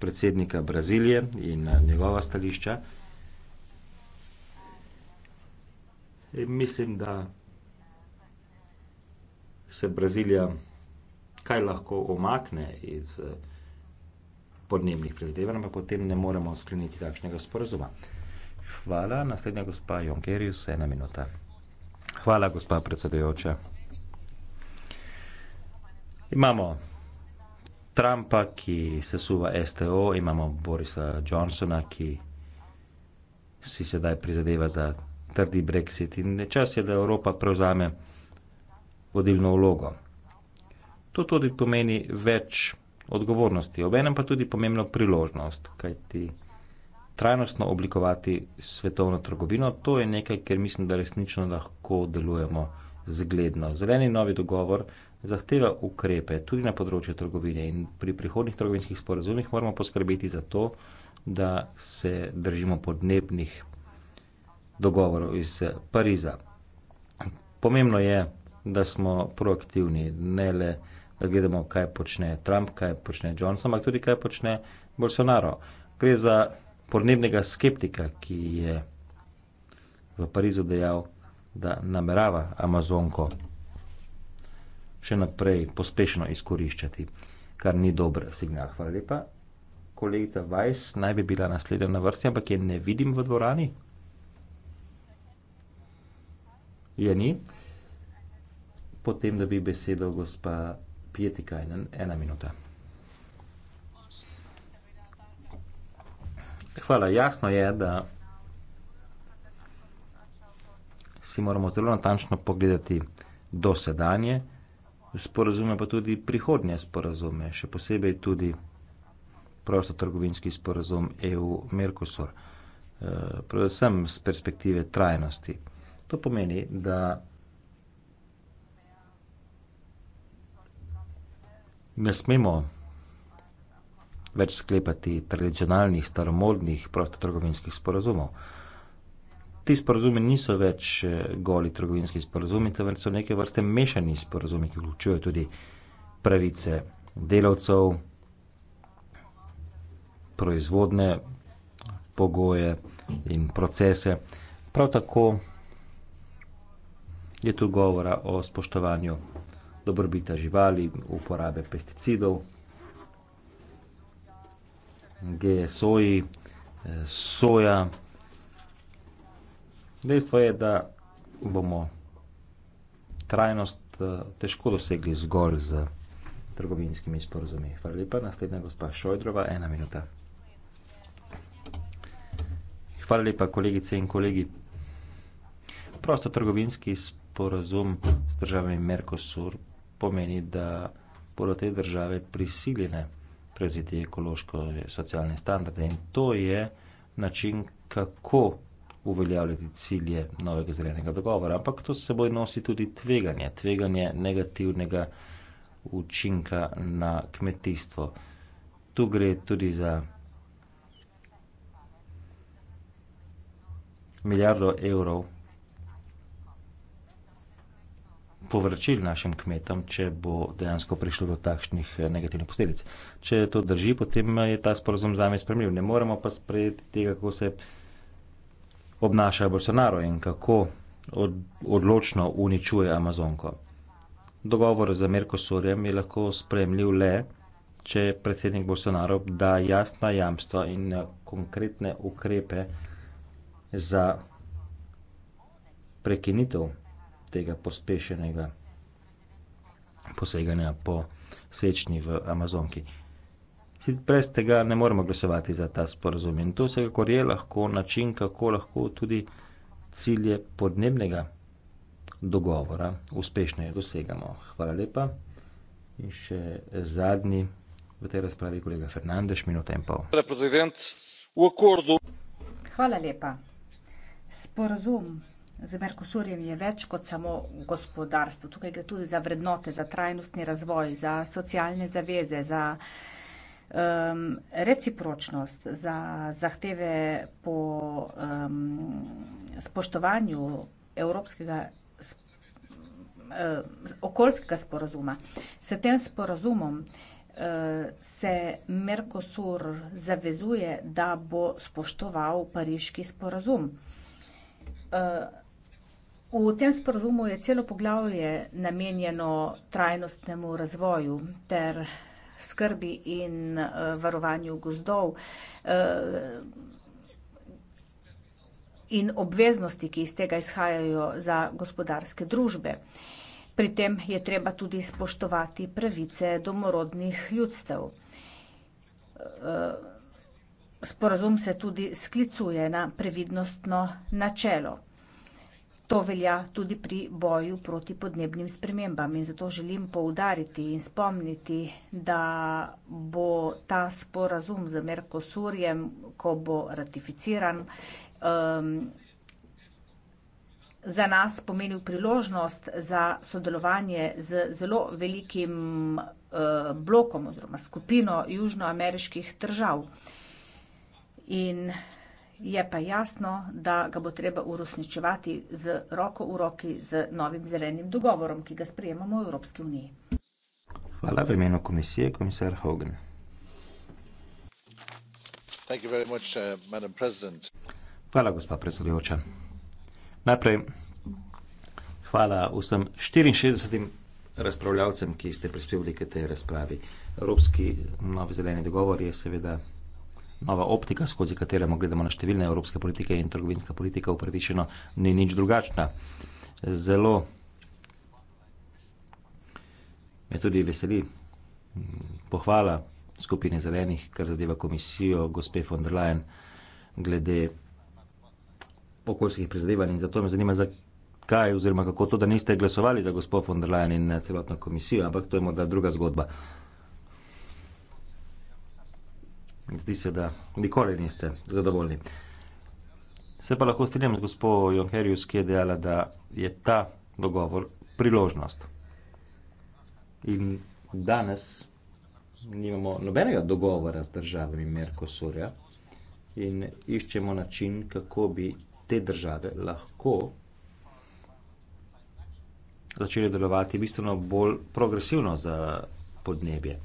predsednika Brazilije in eh, njegova stališča. In e, mislim, da se Brazilija kaj lahko omakne iz eh, podnebnih prizadevanj, pa potem ne moremo skleniti takšnega sporazuma. Hvala, naslednja gospa Jonkerius, ena minuta. Hvala, gospa predsedujoča. Imamo Trumpa, ki sesuva STO, imamo Borisa Johnsona, ki si sedaj prizadeva za trdi brexit in čas je, da Evropa prevzame vodilno vlogo. To tudi pomeni več odgovornosti, obenem pa tudi pomembno priložnost, kajti trajnostno oblikovati svetovno trgovino, to je nekaj, ker mislim, da resnično lahko delujemo zgledno. Zeleni novi dogovor zahteva ukrepe tudi na področju trgovine in pri prihodnjih trgovinskih sporazumih moramo poskrbeti za to da se držimo podnebnih dogovorov iz pariza pomembno je da smo proaktivni ne le da gledamo kaj počne trump kaj počne johnson ampak tudi kaj počne bolsonaro gre za podnebnega skeptika ki je v parizu dejal da namerava amazonko še naprej pospešno izkoriščati, kar ni dober signal. Hvala lepa. Kolegica Vajs naj bi bila naslednja na vrsti, ampak je ne vidim v dvorani. Je ni? Potem, da bi besedo gospa Pietikajnen, ena minuta. Hvala, jasno je, da si moramo zelo natančno pogledati dosedanje sporozume, pa tudi prihodnje sporozume, še posebej tudi prostotrgovinski sporozum EU-Merkosur, eh, predvsem z perspektive trajnosti. To pomeni, da ne smemo več sklepati tradicionalnih, staromodnih prostotrgovinskih sporozumov. Ti sporozumi niso več eh, goli trgovinski sporozumi, temveč so neke vrste mešani sporozumi, ki vključujejo tudi pravice delavcev, proizvodne pogoje in procese. Prav tako je tu govora o spoštovanju dobrobita živali, uporabe pesticidov, GSO-ji, eh, soja, dejstvo je, da bomo trajnost eh, težko dosegli zgolj z trgovinskimi sporozumi. Hvala lepa. Naslednja gospa Šojdrova, ena minuta. Hvala lepa, kolegice in kolegi. Prosto trgovinski sporozum s državami Mercosur pomeni, da bodo te države prisiljene prevzeti ekološko-socialne standarde in to je način, kako uveljavljati cilje novega zelenega dogovora, ampak to s seboj nosi tudi tveganje, tveganje negativnega učinka na kmetijstvo. Tu gre tudi za milijardo evrov povračil našim kmetom, če bo dejansko prišlo do takšnih eh, negativnih posledic. Če to drži, potem je ta sporozum zame spremljiv. Ne moremo pa sprejeti tega, kako se je obnaša Bolsonaro in kako od, odločno uničuje Amazonko. Dogovor z Merkosurjem je lahko spremljiv le, če predsednik Bolsonaro da jasna jamstva in eh, konkretne ukrepe za prekinitev tega pospešenega poseganja po sečni v Amazonki brez tega ne moremo glasovati za ta sporozum in to vsekakor je lahko način, kako lahko tudi cilje podnebnega dogovora uspešneje dosegamo. Hvala lepa. In še zadnji v tej razpravi, kolega Fernandeš, minuta in pol. Hvala lepa. Sporozum z Merkosurjem je več kot samo gospodarstvo. Tukaj gre tudi za vrednote, za trajnostni razvoj, za socialne zaveze, za um, recipročnost, za zahteve po um, spoštovanju evropskega sp uh, okoljskega sporozuma. S tem sporozumom uh, se Merkosur zavezuje, da bo spoštoval pariški sporozum. Uh, v tem sporozumu je celo poglavje namenjeno trajnostnemu razvoju ter skrbi in eh, varovanju gozdov eh, in obveznosti, ki iz tega izhajajo za gospodarske družbe. Pri tem je treba tudi spoštovati pravice domorodnih ljudstev. Eh, sporazum se tudi sklicuje na previdnostno načelo. To velja tudi pri boju proti podnebnim spremembam in zato želim poudariti in spomniti, da bo ta sporazum z Merkosurjem, ko bo ratificiran, um, za nas pomenil priložnost za sodelovanje z zelo velikim eh, blokom oziroma skupino južnoameriških držav. In je pa jasno, da ga bo treba uresničevati z roko v roki z novim zelenim dogovorom, ki ga sprejemamo v Evropski uniji. Hvala v imenu komisije, komisar Hogan. Uh, hvala, gospa predsedujoča. Najprej hvala vsem 64 razpravljavcem, ki ste prispevali k tej razpravi. Evropski novi zeleni dogovor je seveda nova optika, skozi katero gledamo na številne evropske politike in trgovinska politika upravičeno ni nič drugačna. Zelo me tudi veseli mm, pohvala skupine zelenih, kar zadeva komisijo gospe von der Leyen glede okoljskih prizadevanj in zato me zanima, zakaj oziroma kako to, da niste glasovali za gospod von der Leyen in celotno komisijo, ampak to je morda druga zgodba. zdi se, da nikoli niste zadovoljni. Se pa lahko strinjam z gospodom Junkerjus, ki je dejala, da je ta dogovor priložnost. In danes nimamo nobenega dogovora z državami Merkosurja in iščemo način, kako bi te države lahko začele delovati bistveno bolj progresivno za podnebje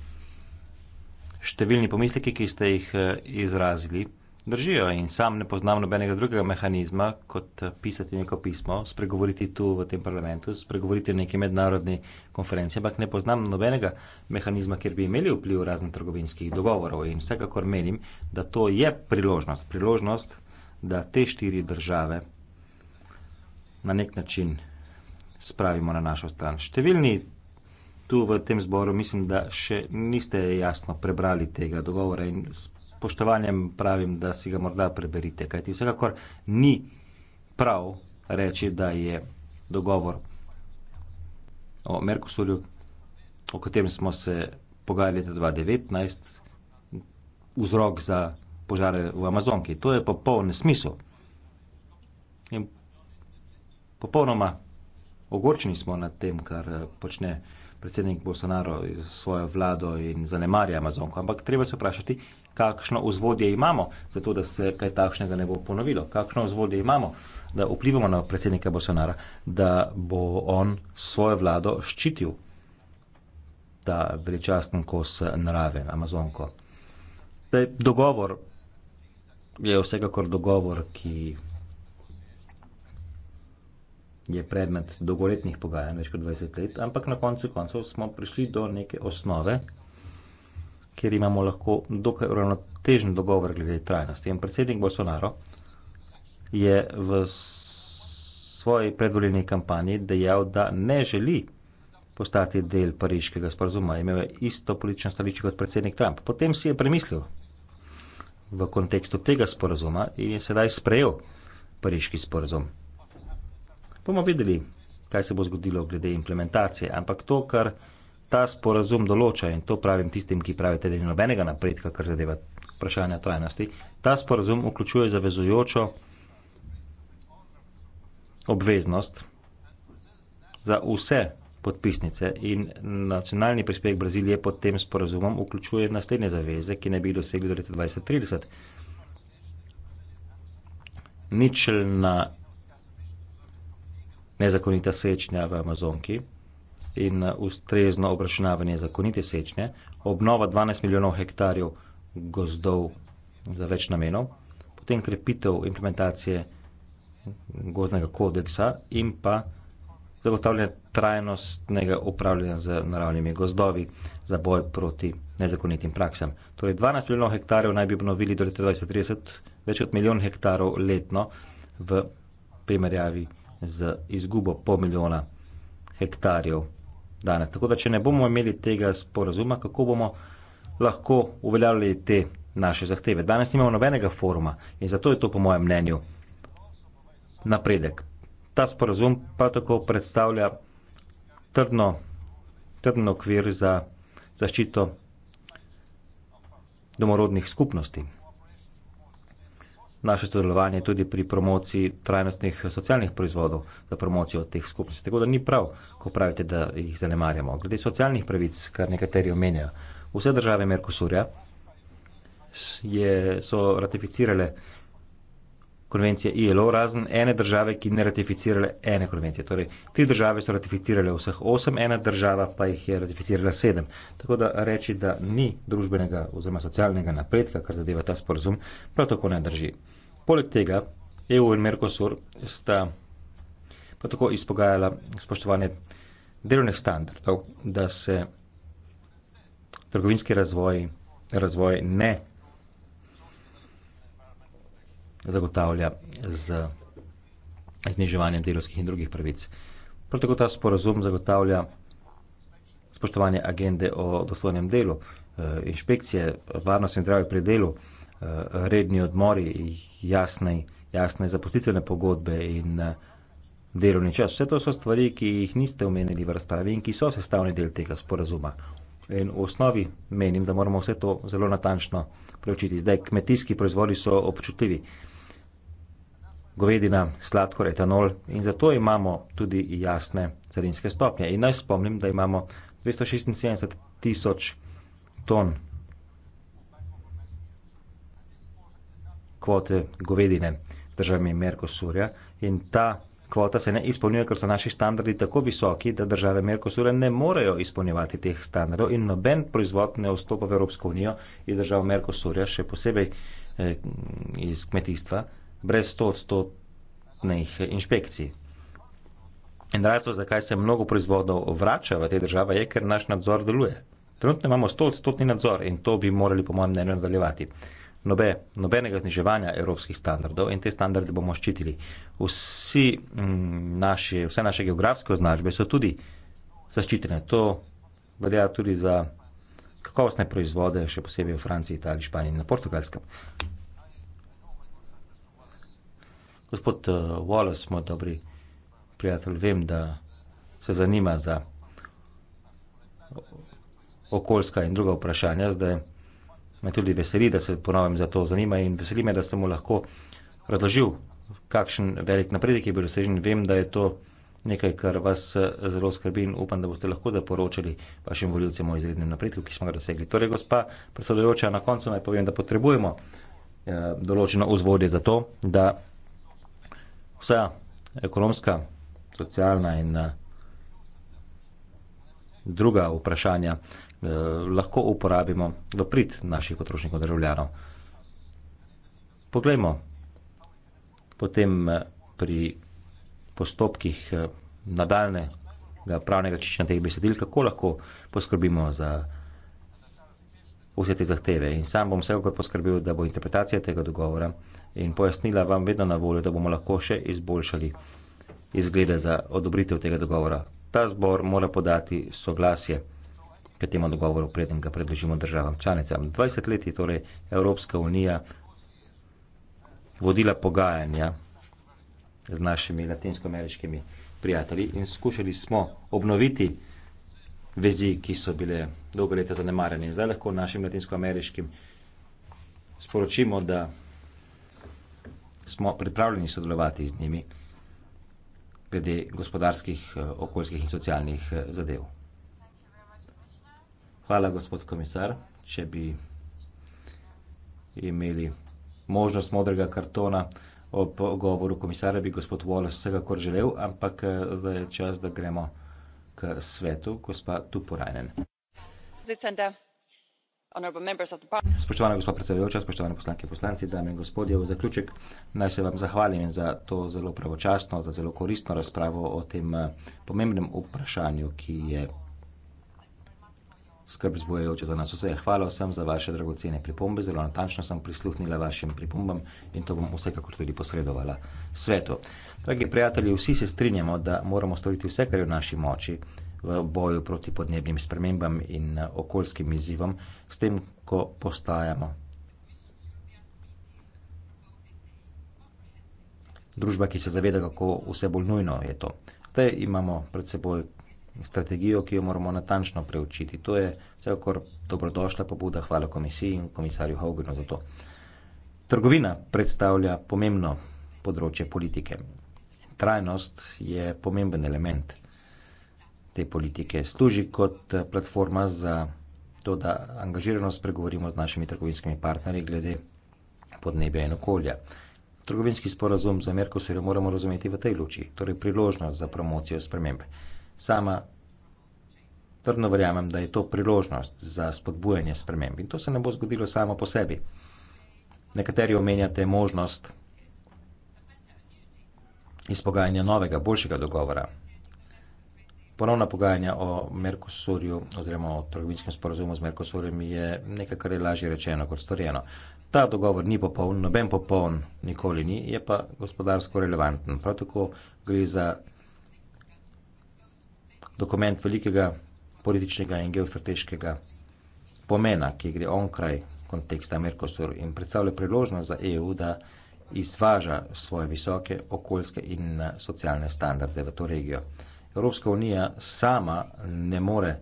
številni pomisliki, ki ste jih eh, izrazili, držijo in sam ne poznam nobenega drugega mehanizma, kot eh, pisati neko pismo, spregovoriti tu v tem parlamentu, spregovoriti na neki mednarodni konferenci, ampak ne poznam nobenega mehanizma, kjer bi imeli vpliv razne trgovinskih dogovorov in vsekakor menim, da to je priložnost, priložnost, da te štiri države na nek način spravimo na našo stran. Številni tu v tem zboru, mislim, da še niste jasno prebrali tega dogovora in s poštovanjem pravim, da si ga morda preberite. Kajti vsekakor ni prav reči, da je dogovor o Merkosulju, o katerem smo se pogajali leta 2019, vzrok za požare v Amazonki. To je popoln smisel. In popolnoma ogorčeni smo nad tem, kar eh, počne predsednik Bolsonaro s svojo vlado in zanemarja Amazonko. Ampak treba se vprašati, kakšno vzvodje imamo, zato da se kaj takšnega ne bo ponovilo. Kakšno vzvodje imamo, da vplivamo na predsednika Bolsonaro, da bo on svojo vlado ščitil ta veličasten kos narave Amazonko. Dogovor je vsekakor dogovor, ki je predmet dolgoletnih pogajanj, več kot 20 let, ampak na koncu koncev smo prišli do neke osnove, kjer imamo lahko dokaj uravnotežen dogovor glede trajnosti. In predsednik Bolsonaro je v svoji predvoljeni kampanji dejal, da ne želi postati del pariškega sporazuma. Imel je isto politično stališče kot predsednik Trump. Potem si je premislil v kontekstu tega sporazuma in je sedaj sprejel pariški sporazum bomo videli, kaj se bo zgodilo glede implementacije. Ampak to, kar ta sporazum določa, in to pravim tistim, ki pravite, da ni nobenega napredka, kar zadeva vprašanje trajnosti, ta sporazum vključuje zavezujočo obveznost za vse podpisnice in nacionalni prispevek Brazilije pod tem sporazumom vključuje naslednje zaveze, ki ne bi dosegli do leta 2030. Ničelna nezakonita sečnja v Amazonki in uh, ustrezno obračunavanje zakonite sečnje, obnova 12 milijonov hektarjev gozdov za več namenov, potem krepitev implementacije gozdnega kodeksa in pa zagotavljanje trajnostnega upravljanja z naravnimi gozdovi za boj proti nezakonitim praksam. Torej 12 milijonov hektarjev naj bi obnovili do leta 2030, več kot milijon hektarov letno v primerjavi z izgubo pol milijona hektarjev danes. Tako da, če ne bomo imeli tega sporazuma, kako bomo lahko uveljavljali te naše zahteve. Danes nimamo nobenega foruma in zato je to po mojem mnenju napredek. Ta sporazum prav tako predstavlja trdno, trdno okvir za zaščito domorodnih skupnosti naše sodelovanje tudi pri promociji trajnostnih socialnih proizvodov za promocijo teh skupnosti. Tako da ni prav, ko pravite, da jih zanemarjamo. Glede socialnih pravic, kar nekateri omenjajo, vse države Merkosurja so ratificirale konvencije ILO, razen ene države, ki ne ratificirale ene konvencije. Torej, tri države so ratificirale vseh osem, ena država pa jih je ratificirala sedem. Tako da reči, da ni družbenega oziroma socialnega napredka, kar zadeva ta sporozum, prav tako ne drži. Poleg tega, EU in Mercosur sta prav tako izpogajala spoštovanje delovnih standardov, da se trgovinski razvoj, razvoj ne zagotavlja z zniževanjem delovskih in drugih pravic. Prav tako ta sporazum zagotavlja spoštovanje agende o dostojnem delu, eh, inšpekcije, varnost in zdravje pri delu, eh, redni odmori, jasne, jasne zaposlitvene pogodbe in eh, delovni čas. Vse to so stvari, ki jih niste omenili v razpravi in ki so sestavni del tega sporazuma. In v osnovi menim, da moramo vse to zelo natančno preučiti. Zdaj, kmetijski proizvodi so občutljivi govedina, sladkor, etanol in zato imamo tudi jasne carinske stopnje. In naj spomnim, da imamo 276 tisoč ton kvote govedine z državami Merkosurja in ta kvota se ne izpolnjuje, ker so naši standardi tako visoki, da države Merkosurja ne morejo izpolnjevati teh standardov in noben proizvod ne vstopa v Evropsko unijo iz držav Merkosurja, še posebej eh, iz kmetijstva, brez stotstotnih inšpekcij. In razlog, zakaj se mnogo proizvodov vrača v te države, je, ker naš nadzor deluje. Trenutno imamo stotstotni nadzor in to bi morali, po mojem mnenju, nadaljevati. Nobe, nobenega zniževanja evropskih standardov in te standarde bomo ščitili. Vsi, m, mm, naši, vse naše geografske označbe so tudi zaščitene. To velja tudi za kakovostne proizvode, še posebej v Franciji, Italiji, Španiji in na Portugalskem. Gospod eh, Wallace, smo dobri prijatelji, vem, da se zanima za okoljska in druga vprašanja, zdaj me tudi veseli, da se ponovim za to zanima in veseli me, da sem mu lahko razložil, kakšen velik napredek je bil dosežen. Vem, da je to nekaj, kar vas eh, zelo skrbi in upam, da boste lahko zaporočili vašim voljivcem o izrednem napredku, ki smo ga dosegli. Torej, gospa predsedujoča, na koncu naj povem, da potrebujemo eh, določeno vzvodje za to, da vsa ekonomska, socialna in eh, druga vprašanja eh, lahko uporabimo v prid naših potrošnikov državljanov. Poglejmo potem eh, pri postopkih nadaljnega pravnega čiščenja teh besedil, kako lahko poskrbimo za vse te zahteve. In sam bom vsekakor poskrbel, da bo interpretacija tega dogovora in pojasnila vam vedno na voljo, da bomo lahko še izboljšali izglede za odobritev tega dogovora. Ta zbor mora podati soglasje k temu dogovoru, preden ga predložimo državam članicam. 20 let je torej Evropska unija vodila pogajanja z našimi latinskoameriškimi prijatelji in skušali smo obnoviti vezi, ki so bile dolgo leta zanemarjene. Zdaj lahko našim latinskoameriškim sporočimo, da smo pripravljeni sodelovati z njimi glede gospodarskih, eh, okoljskih in socialnih eh, zadev. Hvala, gospod komisar. Če bi imeli možnost modrega kartona ob govoru komisara, bi gospod Wallace vsekakor želel, ampak eh, zdaj je čas, da gremo k svetu gospa Tuporajnen. Spoštovana gospa predsedujoča, spoštovane poslanke in poslanci, dame in gospodje, v zaključek naj se vam zahvalim za to zelo pravočasno, za zelo koristno razpravo o tem eh, pomembnem vprašanju, ki je skrb zbojejoče za nas vse. Hvala vsem za vaše dragocene pripombe, zelo natančno sem prisluhnila vašim pripombam in to bom vsekakor tudi posredovala svetu. Dragi prijatelji, vsi se strinjamo, da moramo storiti vse, kar je v naši moči v boju proti podnebnim spremembam in eh, okoljskim izzivom, s tem, ko postajamo. Družba, ki se zaveda, kako vse bolj nujno je to. Zdaj imamo pred seboj strategijo, ki jo moramo natančno preučiti. To je vsekakor dobrodošla pobuda, hvala komisiji in komisarju Hogrnu za to. Trgovina predstavlja pomembno področje politike. Trajnost je pomemben element te politike. Služi kot eh, platforma za to, da angažirano spregovorimo z našimi trgovinskimi partnerji glede podnebja in okolja. Trgovinski sporazum za Merkosur moramo razumeti v tej luči, torej priložnost za promocijo spremembe sama trdno verjamem, da je to priložnost za spodbujanje sprememb in to se ne bo zgodilo samo po sebi. Nekateri omenjate možnost izpogajanja novega, boljšega dogovora. Ponovna pogajanja o Merkosurju oziroma o trgovinskem sporazumu z Merkosurjem je nekaj, kar je lažje rečeno kot storjeno. Ta dogovor ni popoln, noben popoln nikoli ni, je pa gospodarsko relevanten. Prav tako gre za dokument velikega političnega in geostrateškega pomena, ki gre onkraj konteksta Mercosur in predstavlja priložnost za EU, da izvaža svoje visoke okoljske in eh, socialne standarde v to regijo. Evropska unija sama ne more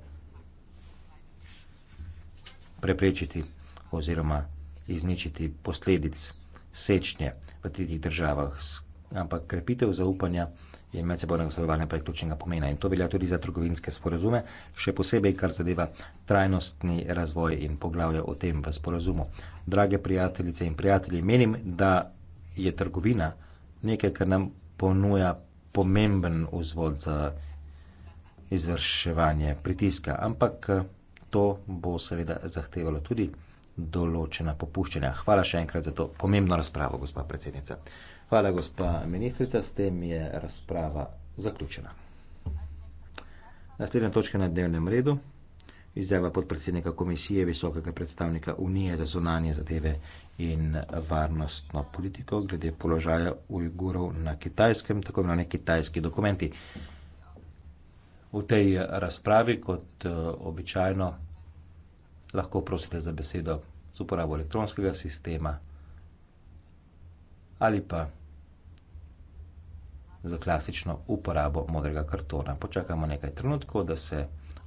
preprečiti oziroma izničiti posledic sečnje v tretjih državah, ampak krepitev zaupanja in medsebojnega sodelovanja pa je ključnega pomena. In to velja tudi za trgovinske sporazume, še posebej, kar zadeva trajnostni razvoj in poglavje o tem v sporazumu. Drage prijateljice in prijatelji, menim, da je trgovina nekaj, kar nam ponuja pomemben vzvod za izvrševanje pritiska, ampak to bo seveda zahtevalo tudi določena popuščanja. Hvala še enkrat za to pomembno razpravo, gospa predsednica. Hvala, gospa ministrica. S tem je razprava zaključena. Naslednja točka na dnevnem redu. Izjava podpredsednika komisije visokega predstavnika Unije za zunanje zadeve in varnostno politiko glede položaja Ujgurov na kitajskem, tako imenovani kitajski dokumenti. V tej razpravi, kot običajno, lahko prosite za besedo z uporabo elektronskega sistema ali pa za klasično uporabo modrega kartona. Počakamo nekaj trenutkov, da se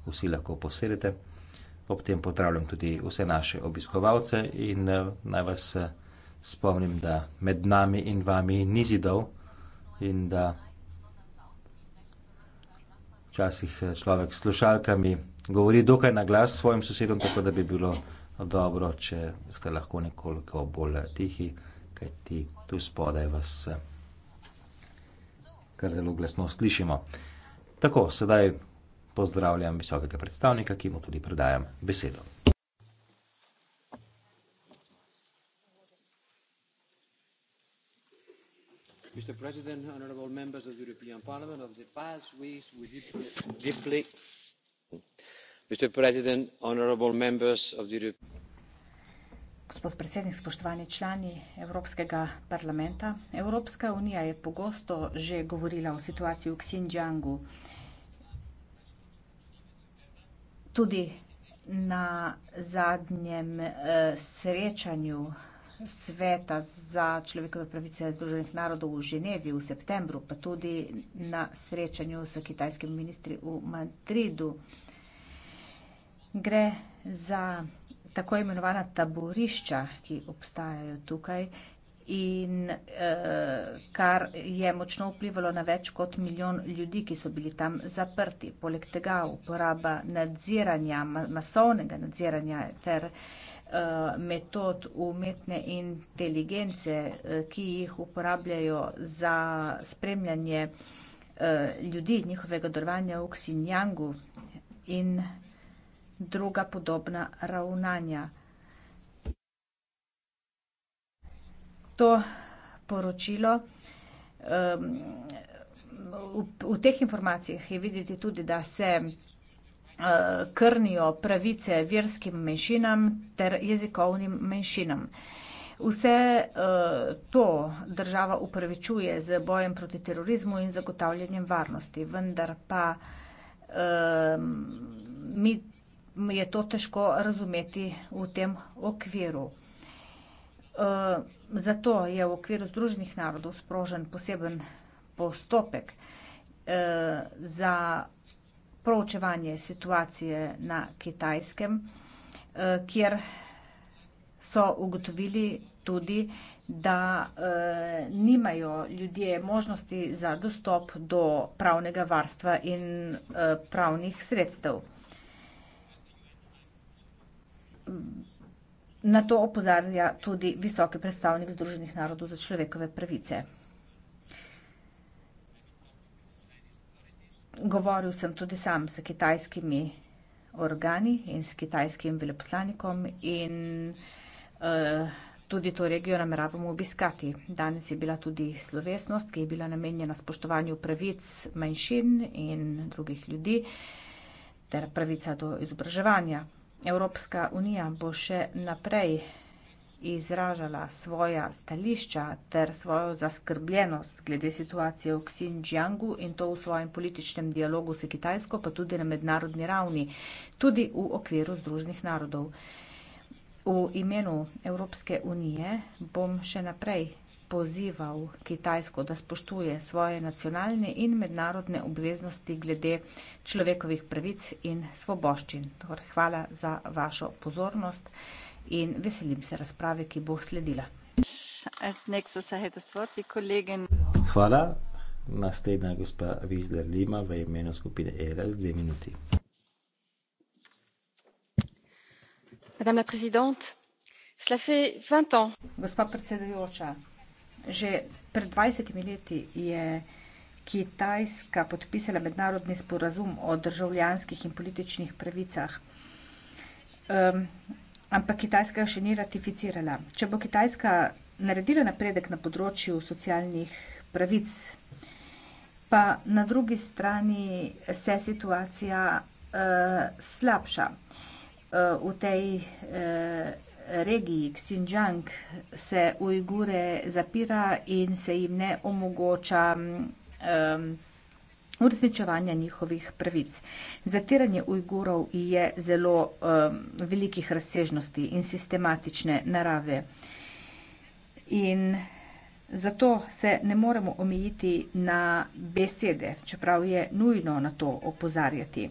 vsi lahko posedete. Ob tem pozdravljam tudi vse naše obiskovalce in eh, naj vas eh, spomnim, da med nami in vami ni zidov in da včasih eh, človek s slušalkami govori dokaj na glas svojim sosedom, tako da bi bilo dobro, če ste lahko nekoliko bolj tihi, kajti tu spodaj vas kar zelo glasno slišimo. Tako, sedaj pozdravljam visokega predstavnika, ki mu tudi predajam besedo. Mr. President, honorable members of the European Parliament, of the past weeks we deeply. Mr. President, honorable members of the European gospod predsednik, spoštovani člani Evropskega parlamenta. Evropska unija je pogosto že govorila o situaciji v Xinjiangu. Tudi na zadnjem, eh, srečanju Sveta za človekove pravice Združenih narodov v Ženevi v septembru, pa tudi na srečanju s kitajskimi ministri v Madridu. Gre za tako imenovana taborišča, ki obstajajo tukaj in eh, kar je močno vplivalo na več kot milijon ljudi, ki so bili tam zaprti. Poleg tega uporaba nadziranja, masovnega nadziranja ter eh, metod umetne inteligence, eh, ki jih uporabljajo za spremljanje eh, ljudi, njihovega dorovanja v Xinjiangu in druga podobna ravnanja. To poročilo, v teh informacijah je videti tudi, da se eh, krnijo pravice verskim menšinam ter jezikovnim menšinam. Vse eh, to država upravičuje z bojem proti terorizmu in zagotavljanjem varnosti, vendar pa mi je to težko razumeti v tem okviru. E, zato je v okviru Združenih narodov sprožen poseben postopek e, za proučevanje situacije na kitajskem, e, kjer so ugotovili tudi, da e, nimajo ljudje možnosti za dostop do pravnega varstva in e, pravnih sredstev. Na to opozarja tudi visoki predstavnik Združenih narodov za človekove pravice. Govoril sem tudi sam s kitajskimi organi in s kitajskim veleposlanikom in uh, tudi to regijo nameravamo obiskati. Danes je bila tudi slovesnost, ki je bila namenjena spoštovanju pravic manjšin in drugih ljudi ter pravica do izobraževanja. Evropska unija bo še naprej izražala svoja stališča ter svojo zaskrbljenost glede situacije v Xinjiangu in to v svojem političnem dialogu s Kitajsko, pa tudi na mednarodni ravni, tudi v okviru Združenih narodov. V imenu Evropske unije bom še naprej pozival Kitajsko, da spoštuje svoje nacionalne in mednarodne obveznosti glede človekovih pravic in svoboščin. Torej, hvala za vašo pozornost in veselim se razprave, ki bo sledila. Hvala. Naslednja gospa Vizda Lima v imenu skupine ERAS, dve minuti. Gospa predsedujoča, Že pred 20 leti je Kitajska podpisala mednarodni sporazum o državljanskih in političnih pravicah. Um, ampak Kitajska ga še ni ratificirala. Če bo Kitajska naredila napredek na področju socialnih pravic, pa na drugi strani se situacija uh, slabša uh, v tej. Uh, regiji Xinjiang se Ujgure zapira in se jim ne omogoča um, uresničevanja njihovih pravic. Zatiranje Ujgurov je zelo um, velikih razsežnosti in sistematične narave. In zato se ne moremo omejiti na besede, čeprav je nujno na to opozarjati. Uh,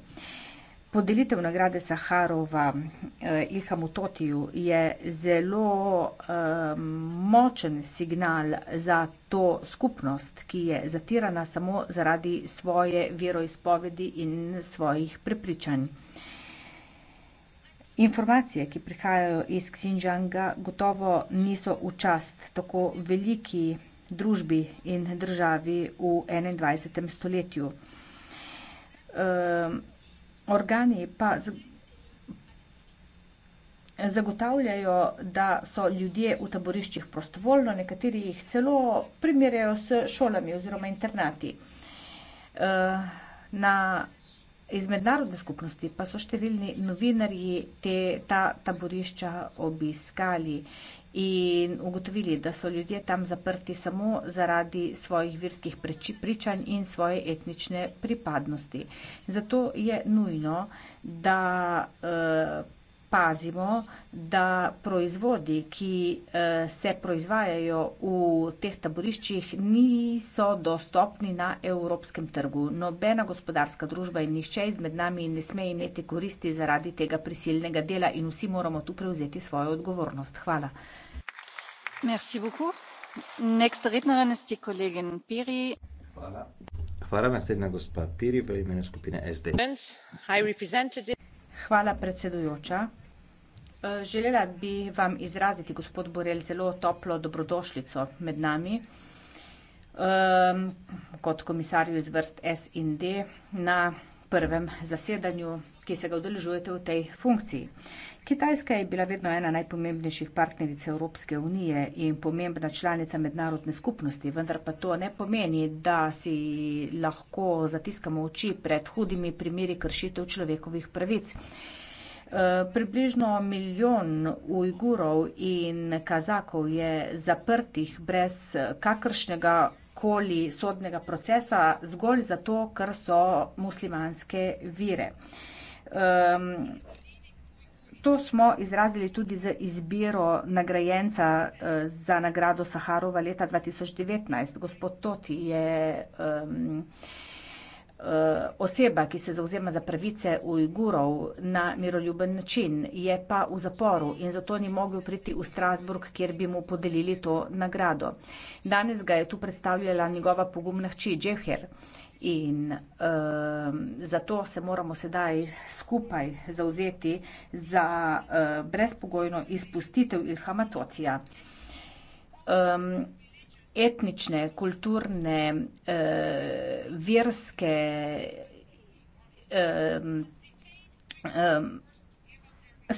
Podelitev nagrade Saharova eh, Ilhamu Totiju je zelo eh, močen signal za to skupnost, ki je zatirana samo zaradi svoje veroizpovedi in svojih prepričanj. Informacije, ki prihajajo iz Xinjianga, gotovo niso v čast tako veliki družbi in državi v 21. stoletju. Eh, organi pa zagotavljajo, da so ljudje v taboriščih prostovoljno, nekateri jih celo primerjajo s šolami oziroma internati. Eh, na Iz mednarodne skupnosti pa so številni novinarji te, ta taborišča obiskali in ugotovili, da so ljudje tam zaprti samo zaradi svojih virskih prepričanj in svoje etnične pripadnosti. Zato je nujno, da. Uh, pazimo, da proizvodi, ki eh, se proizvajajo v teh taboriščih, niso dostopni na evropskem trgu. Nobena gospodarska družba in nišče izmed nami ne sme imeti koristi zaradi tega prisilnega dela in vsi moramo tu prevzeti svojo odgovornost. Hvala. Hvala, naslednja gospa Piri v imenu skupine SD. Hvala, predsedujoča. Eh, želela bi vam izraziti, gospod Borel, zelo toplo dobrodošljico med nami kot komisarju iz vrst S&D na prvem zasedanju, ki se ga udeležujete v tej funkciji. Kitajska je bila vedno ena najpomembnejših partneric Evropske unije in pomembna članica mednarodne skupnosti, vendar pa to ne pomeni, da si lahko zatiskamo oči pred hudimi primeri kršitev človekovih pravic. Eh, približno milijon Ujgurov in Kazakov je zaprtih brez kakršnega koli sodnega procesa, zgolj zato, ker so muslimanske vire. Um, to smo izrazili tudi z izbiro nagrajenca uh, za nagrado Saharova leta 2019. Gospod Toti je um, Eh, oseba, ki se zauzema za pravice Ujgurov na miroljuben način, je pa v zaporu in zato ni mogel priti v Strasburg, kjer bi mu podelili to nagrado. Danes ga je tu predstavljala njegova pogumna hči Džefher in um, zato se moramo sedaj skupaj zauzeti za uh, brezpogojno izpustitev Ilhama Totija. Um, etnične, kulturne, eh, verske,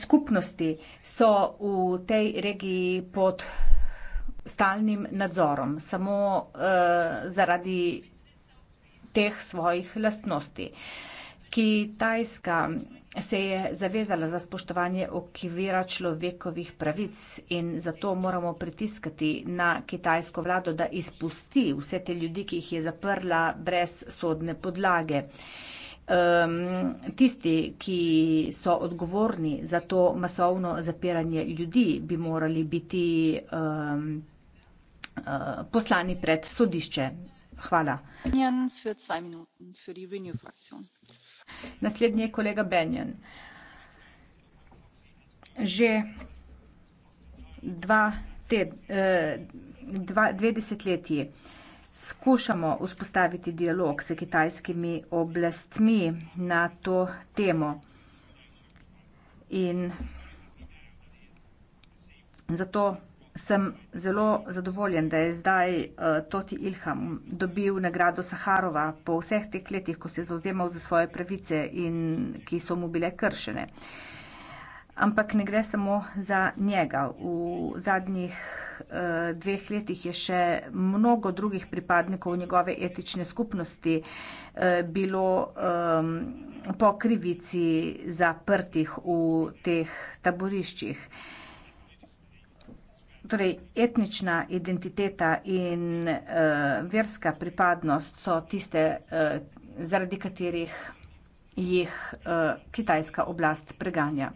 skupnosti so v tej regiji pod stalnim nadzorom, samo, eh, zaradi teh svojih lastnosti. Kitajska se je zavezala za spoštovanje okvira človekovih pravic in zato moramo pritiskati na kitajsko vlado, da izpusti vse te ljudi, ki jih je zaprla brez sodne podlage. Um, tisti, ki so odgovorni za to masovno zapiranje ljudi, bi morali biti um, uh, poslani pred sodišče. Hvala. Njen, Naslednji je kolega Benjen. Že dva te, eh, dva, dve desetletji skušamo vzpostaviti dialog s kitajskimi oblastmi na to temo. In zato sem zelo zadovoljen, da je zdaj uh, Toti Ilham dobil nagrado Saharova po vseh teh letih, ko se je zauzemal za svoje pravice in ki so mu bile kršene. Ampak ne gre samo za njega. V zadnjih uh, dveh letih je še mnogo drugih pripadnikov njegove etične skupnosti uh, bilo um, po krivici zaprtih v teh taboriščih. Uh, Torej, etnična identiteta in uh, verska pripadnost so tiste, uh, zaradi katerih jih uh, kitajska oblast preganja.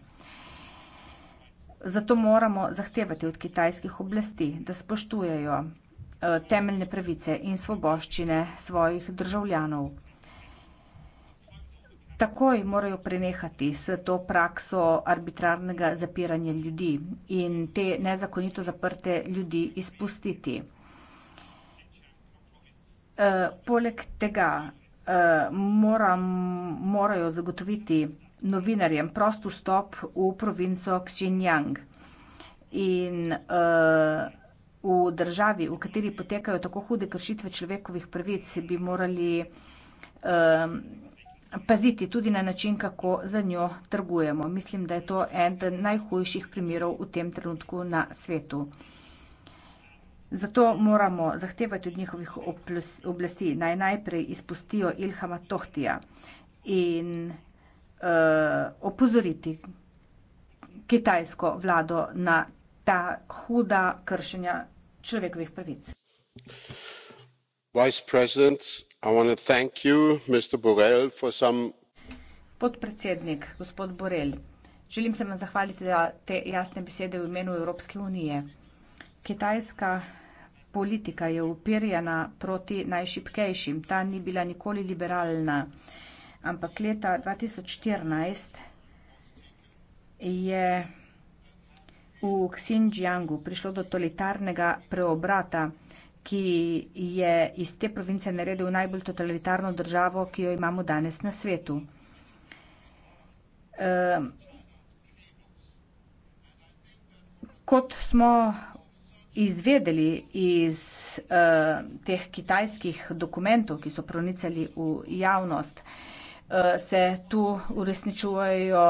Zato moramo zahtevati od kitajskih oblasti, da spoštujejo uh, temeljne pravice in svoboščine svojih državljanov takoj morajo prenehati s to prakso arbitrarnega zapiranja ljudi in te nezakonito zaprte ljudi izpustiti. Eh, poleg tega, eh, moram, morajo zagotoviti novinarjem prost vstop v provinco Xinjiang. In, eh, v državi, v kateri potekajo tako hude kršitve človekovih pravic, bi morali, paziti tudi na način, kako za njo trgujemo. Mislim, da je to eden najhujših primerov v tem trenutku na svetu. Zato moramo zahtevati od njihovih oblasti, naj najprej izpustijo Ilhama Tohtija in uh, opozoriti kitajsko vlado na ta huda kršenja človekovih pravic. Vice president, podpredsednik gospod borrell želim se vam zahvaliti za te jasne besede v imenu evropske unije. kitajska politika je uperjena proti najšibkejšim. ta ni bila nikoli liberalna. ampak leta dva tisoč štirinajst je v ksindžjangu prišlo do totalitarnega preobrata ki je iz te province naredil najbolj totalitarno državo, ki jo imamo danes na svetu. Ehm, kot smo izvedeli iz ehm, teh kitajskih dokumentov, ki so pronicali v javnost, ehm, se tu uresničujejo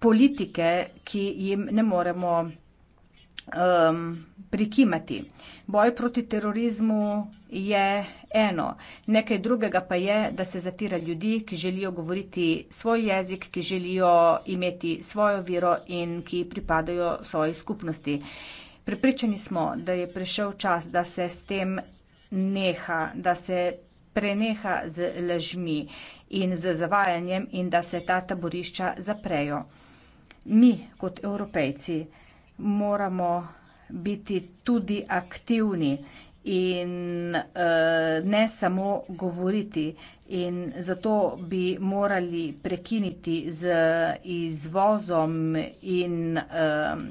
politike, ki jim ne moremo um, prikimati. Boj proti terorizmu je eno, nekaj drugega pa je, da se zatira ljudi, ki želijo govoriti svoj jezik, ki želijo imeti svojo vero in ki pripadajo svoji skupnosti. Pripričani smo, da je prišel čas, da se s tem neha, da se preneha z lažmi in z zavajanjem in da se ta taborišča zaprejo. Mi kot evropejci moramo biti tudi aktivni in uh, ne samo govoriti. In zato bi morali prekiniti z izvozom in um,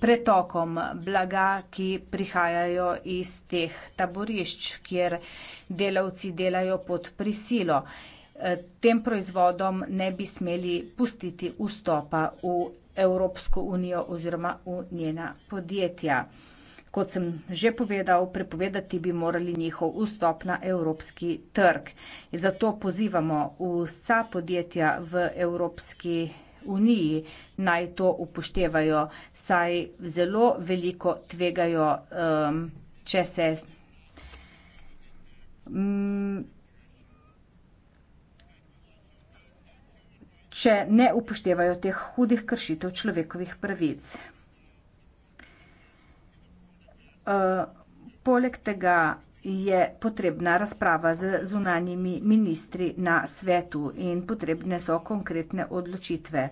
pretokom blaga, ki prihajajo iz teh taborišč, kjer delavci delajo pod prisilo. Eh, tem proizvodom ne bi smeli pustiti vstopa v Evropsko unijo oziroma v njena podjetja. Kot sem že povedal, prepovedati bi morali njihov vstop na evropski trg. Zato pozivamo vsa podjetja v Evropski uniji naj to upoštevajo, saj zelo veliko tvegajo, um, če se mm, če ne upoštevajo teh hudih kršitev človekovih pravic. Eh, poleg tega je potrebna razprava z zunanjimi ministri na svetu in potrebne so konkretne odločitve.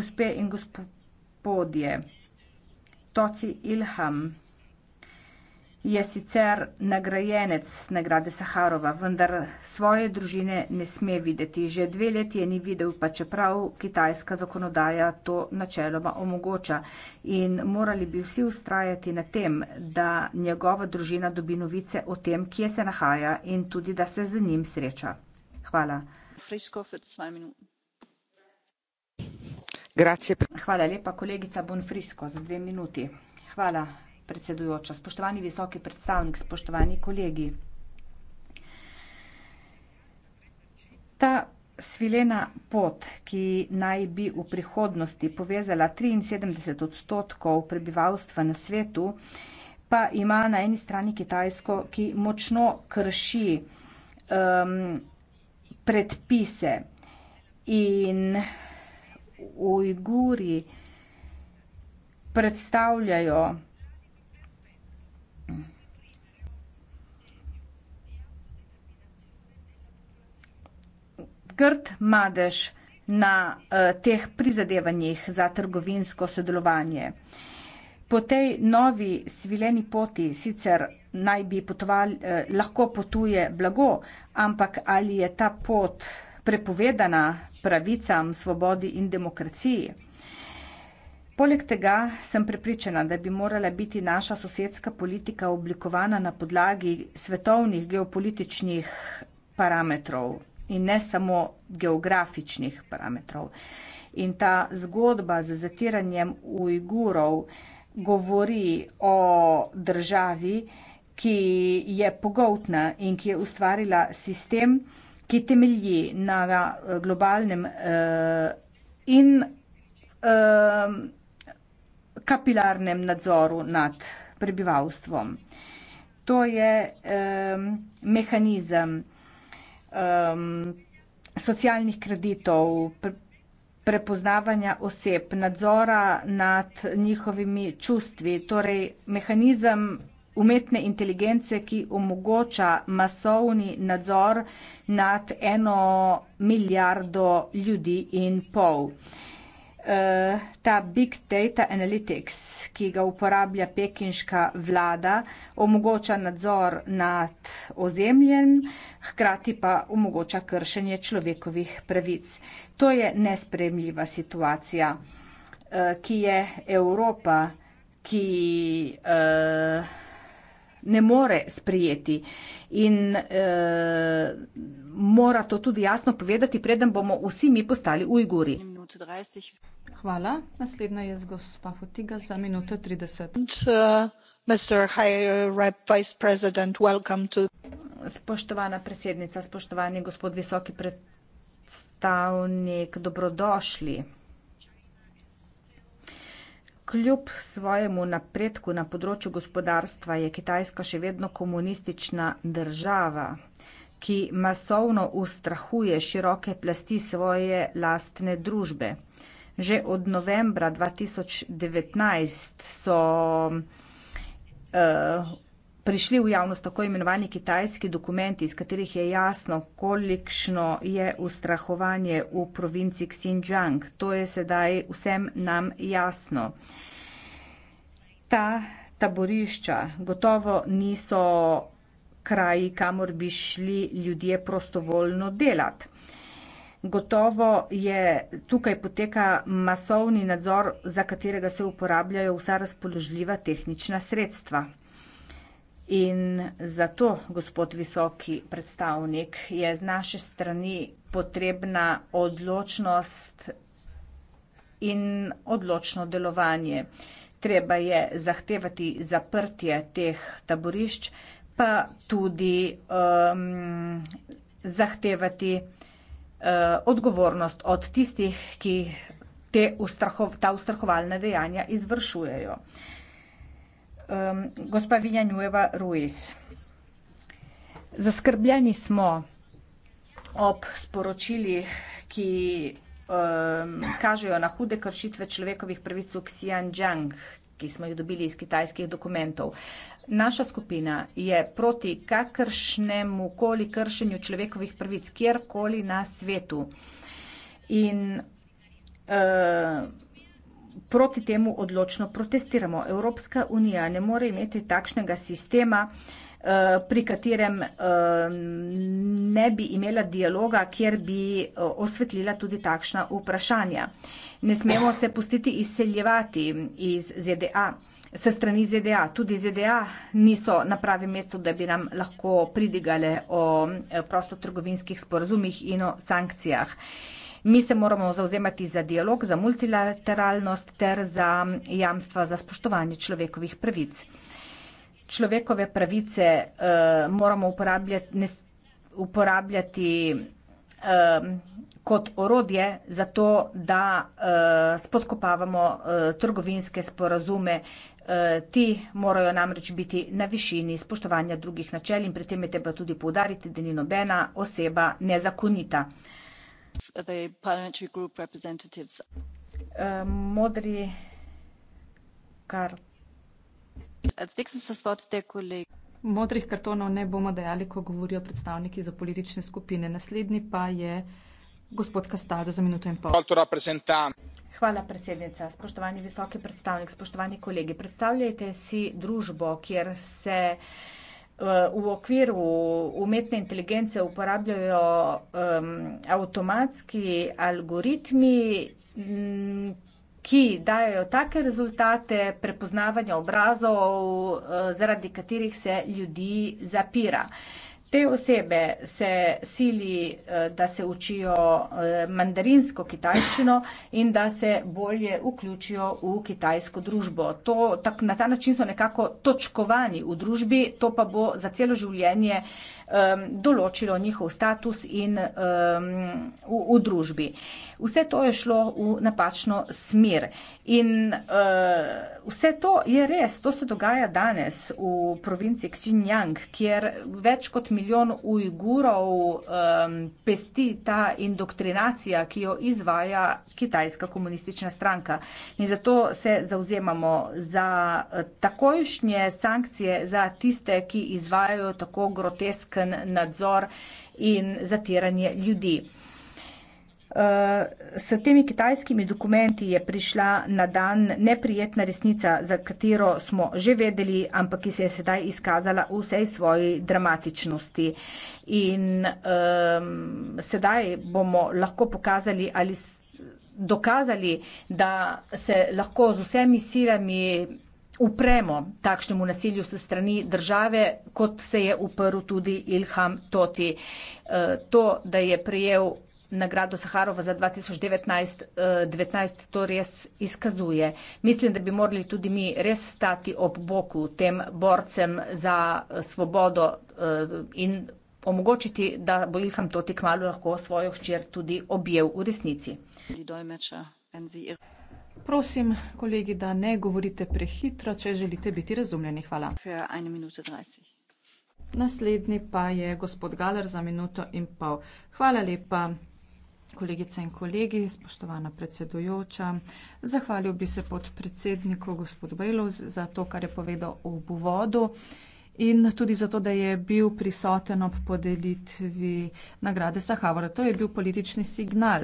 Gospe in gospodje, Toci Ilham je sicer nagrajenec nagrade Saharova, vendar svoje družine ne sme videti. Že dve leti je ni videl, pa čeprav kitajska zakonodaja to načeloma omogoča. In morali bi vsi ustrajati na tem, da njegova družina dobi novice o tem, kje se nahaja in tudi, da se z njim sreča. Hvala. Hvala lepa, kolegica Bonfrisko, za dve minuti. Hvala predsedujoča, spoštovani visoki predstavnik, spoštovani kolegi. Ta svilena pot, ki naj bi v prihodnosti povezala triinsedemdeset odstotkov prebivalstva na svetu, pa ima na eni strani Kitajsko, ki močno krši, um, predpise in Ujguri predstavljajo grd madež na eh, teh prizadevanjih za trgovinsko sodelovanje. Po tej novi svileni poti sicer naj bi potoval, eh, lahko potuje blago, ampak ali je ta pot prepovedana pravicam, svobodi in demokraciji? Poleg tega sem prepričana, da bi morala biti naša sosedska politika oblikovana na podlagi svetovnih geopolitičnih parametrov, in ne samo geografičnih parametrov. In ta zgodba z zatiranjem Ujgurov govori o državi, ki je pogotna in ki je ustvarila sistem, ki temelji na eh, globalnem uh, in uh, kapilarnem nadzoru nad prebivalstvom. To je uh, mehanizem, um, socialnih kreditov, prepoznavanja oseb, nadzora nad njihovimi čustvi, torej mehanizem umetne inteligence, ki omogoča masovni nadzor nad eno milijardo ljudi in pol. Uh, Eh, ta Big Data Analytics, ki ga uporablja pekinška vlada, omogoča nadzor nad ozemljem, hkrati pa omogoča kršenje človekovih pravic. To je nespremljiva situacija, eh, ki je Evropa, ki eh, ne more sprijeti in mora to tudi jasno povedati, preden bomo vsi mi postali Ujguri minuto 30. Hvala. Naslednja je gospa Fotiga za minuto 30. Uh, Spoštovana predsednica, spoštovani gospod visoki predstavnik, dobrodošli. Kljub svojemu napredku na področju gospodarstva je Kitajska še vedno komunistična država ki masovno ustrahuje široke plasti svoje lastne družbe. Že od novembra 2019 so. Uh, Prišli v javnost tako imenovani kitajski dokumenti, iz katerih je jasno, kolikšno je ustrahovanje v provinci Xinjiang. To je sedaj vsem nam jasno. Ta taborišča gotovo niso kraji, kamor bi šli ljudje prostovoljno delati. Gotovo je tukaj poteka masovni nadzor, za katerega se uporabljajo vsa razpoložljiva tehnična sredstva. In zato, gospod visoki predstavnik, je z naše strani potrebna odločnost in odločno delovanje. Treba je zahtevati zaprtje teh taborišč, pa tudi um, zahtevati uh, odgovornost od tistih, ki te ustraho, ta ustrahovalna dejanja izvršujejo. Um, gospa Vinjanjueva Ruiz, zaskrbljeni smo ob sporočilih, ki um, kažejo na hude kršitve človekovih pravic v Xinjiang, ki smo jih dobili iz kitajskih dokumentov. Naša skupina je proti kakršnemu koli kršenju človekovih prvic, kjerkoli na svetu. In uh, proti temu odločno protestiramo. Evropska unija ne more imeti takšnega sistema, uh, Eh, pri katerem eh, ne bi imela dialoga, kjer bi eh, osvetlila tudi takšna vprašanja. Ne smemo se pustiti izseljevati iz ZDA, s strani ZDA. Tudi ZDA niso na pravem mestu, da bi nam lahko pridigale o prostotrgovinskih sporazumih in o sankcijah. Mi se moramo zauzemati za dialog, za multilateralnost ter za jamstva za spoštovanje človekovih pravic človekove pravice uh, moramo uporabljati, ne, uporabljati um, kot orodje za to, da uh, spodkopavamo uh, trgovinske sporazume. Ti morajo namreč biti na višini spoštovanja drugih načel in pri tem je treba tudi povdariti, da ni nobena oseba nezakonita. Modri kart. Modrih kartonov ne bomo dejali, ko govorijo predstavniki za politične skupine. Naslednji pa je gospod Castaldo za minuto in pol. Hvala, predsednica. Spoštovani visoki predstavnik, spoštovani kolegi. Predstavljajte si družbo, kjer se eh, v okviru umetne inteligence uporabljajo um, avtomatski algoritmi, ki dajo take rezultate prepoznavanja obrazov, eh, zaradi katerih se ljudi zapira. Te osebe se sili, eh, da se učijo eh, mandarinsko kitajščino in da se bolje vključijo v kitajsko družbo. To, tak, na ta način so nekako točkovani v družbi, to pa bo za celo življenje eh, um, določilo njihov status in um, v, v družbi. Vse to je šlo v napačno smer. In uh, vse to je res, to se dogaja danes v provinci Xinjiang, kjer več kot milijon ujgurov um, pesti ta indoktrinacija, ki jo izvaja kitajska komunistična stranka. In zato se zauzemamo za eh, takojšnje sankcije za tiste, ki izvajajo tako groteskne strogoten nadzor in zatiranje ljudi. Eh, s temi kitajskimi dokumenti je prišla na dan neprijetna resnica, za katero smo že vedeli, ampak ki se je sedaj izkazala v vsej svoji dramatičnosti. In um, sedaj bomo lahko pokazali ali dokazali, da se lahko z vsemi silami upremo takšnemu nasilju se strani države, kot se je uprl tudi Ilham Toti. Eh, to, da je prejel nagrado Saharova za 2019, eh, to res izkazuje. Mislim, da bi morali tudi mi res stati ob boku tem borcem za eh, svobodo in omogočiti, da bo Ilham Toti kmalo lahko svojo hčer tudi objel v resnici. Prosim, kolegi, da ne govorite prehitro, če želite biti razumljeni. Hvala. Naslednji pa je gospod Galer za minuto in pol. Hvala lepa, kolegice in kolegi, spoštovana predsedujoča. Zahvalil bi se podpredsedniku gospodu Brelov za to, kar je povedal v uvodu in tudi zato, da je bil prisoten ob podelitvi nagrade Sahavora. To je bil politični signal.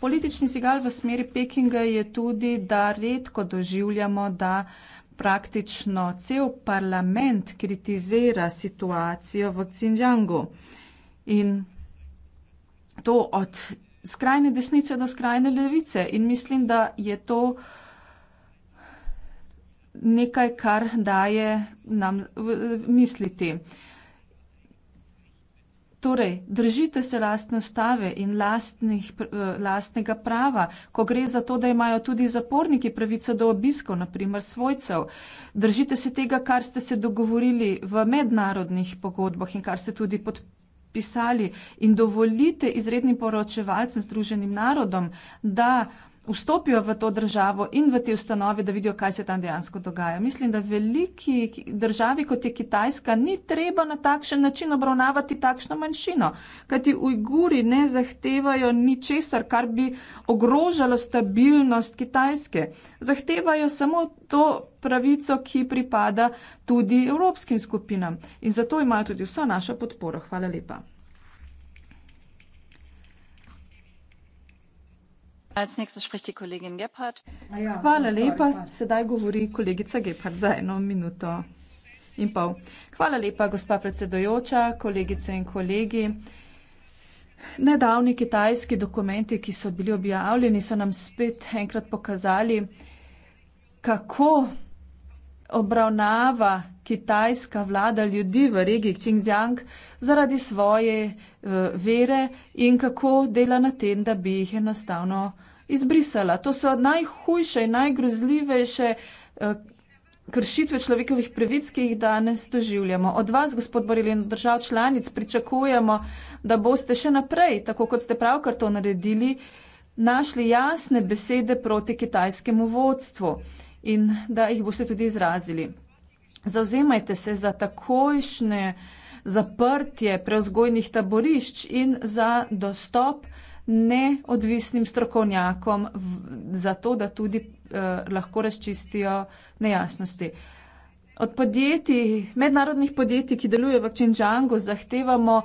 Politični signal v smeri Pekinga je tudi, da redko doživljamo, da praktično cel parlament kritizira situacijo v Xinjiangu. In to od skrajne desnice do skrajne levice. In mislim, da je to nekaj, kar daje nam misliti. Torej, držite se lastne ustave in lastnih, eh, lastnega prava, ko gre za to, da imajo tudi zaporniki pravico do obiskov, naprimer svojcev. Držite se tega, kar ste se dogovorili v mednarodnih pogodbah in kar ste tudi podpisali in dovolite izrednim poročevalcem Združenim narodom, da vstopijo v to državo in v te ustanove, da vidijo, kaj se tam dejansko dogaja. Mislim, da veliki državi, kot je Kitajska, ni treba na takšen način obravnavati takšno manjšino, kajti Ujguri ne zahtevajo ničesar, kar bi ogrožalo stabilnost Kitajske. Zahtevajo samo to pravico, ki pripada tudi evropskim skupinam. In zato imajo tudi vso našo podporo. Hvala lepa. Ah ja, hvala lepa. Sedaj govori kolegica Gephardt za eno minuto in pol. Hvala lepa, gospa predsedojoča, kolegice in kolegi. Nedavni kitajski dokumenti, ki so bili objavljeni, so nam spet enkrat pokazali, kako obravnava kitajska vlada ljudi v regiji Xinjiang zaradi svoje uh, vere in kako dela na tem, da bi jih enostavno izbrisala. To so najhujše in najgrozljivejše uh, kršitve človekovih pravic, ki jih danes doživljamo. Od vas, gospod Borilin, držav članic, pričakujemo, da boste še naprej, tako kot ste pravkar to naredili, našli jasne besede proti kitajskemu vodstvu. Uh, in da jih boste tudi izrazili. Zauzemajte se za takojšnje zaprtje preozgojnih taborišč in za dostop neodvisnim strokovnjakom, zato da tudi eh, lahko razčistijo nejasnosti. Od podjetij, mednarodnih podjetij, ki delujejo v Xinjiangu, zahtevamo